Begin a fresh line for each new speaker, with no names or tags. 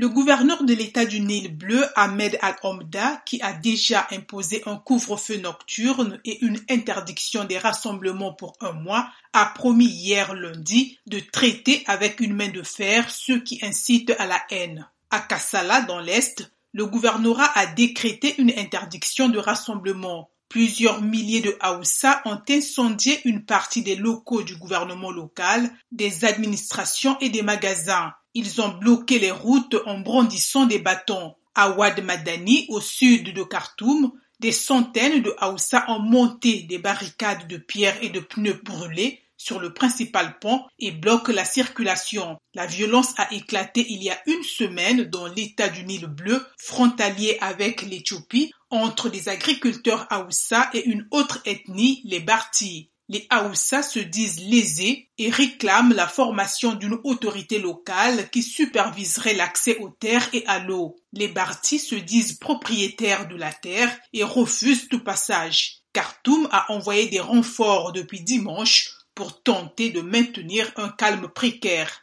le gouverneur de l'État du Nil bleu Ahmed al-Omda, qui a déjà imposé un couvre-feu nocturne et une interdiction des rassemblements pour un mois, a promis hier lundi de traiter avec une main de fer ceux qui incitent à la haine. À Kassala, dans l'Est, le gouvernorat a décrété une interdiction de rassemblement. Plusieurs milliers de Haoussa ont incendié une partie des locaux du gouvernement local, des administrations et des magasins. Ils ont bloqué les routes en brandissant des bâtons. À Wad Madani, au sud de Khartoum, des centaines de Haoussa ont monté des barricades de pierres et de pneus brûlés sur le principal pont et bloquent la circulation. La violence a éclaté il y a une semaine dans l'état du Nil bleu, frontalier avec l'Éthiopie, entre les agriculteurs Haoussa et une autre ethnie, les Bartis. Les Haoussa se disent lésés et réclament la formation d'une autorité locale qui superviserait l'accès aux terres et à l'eau. Les Bartis se disent propriétaires de la terre et refusent tout passage. Khartoum a envoyé des renforts depuis dimanche pour tenter de maintenir un calme précaire.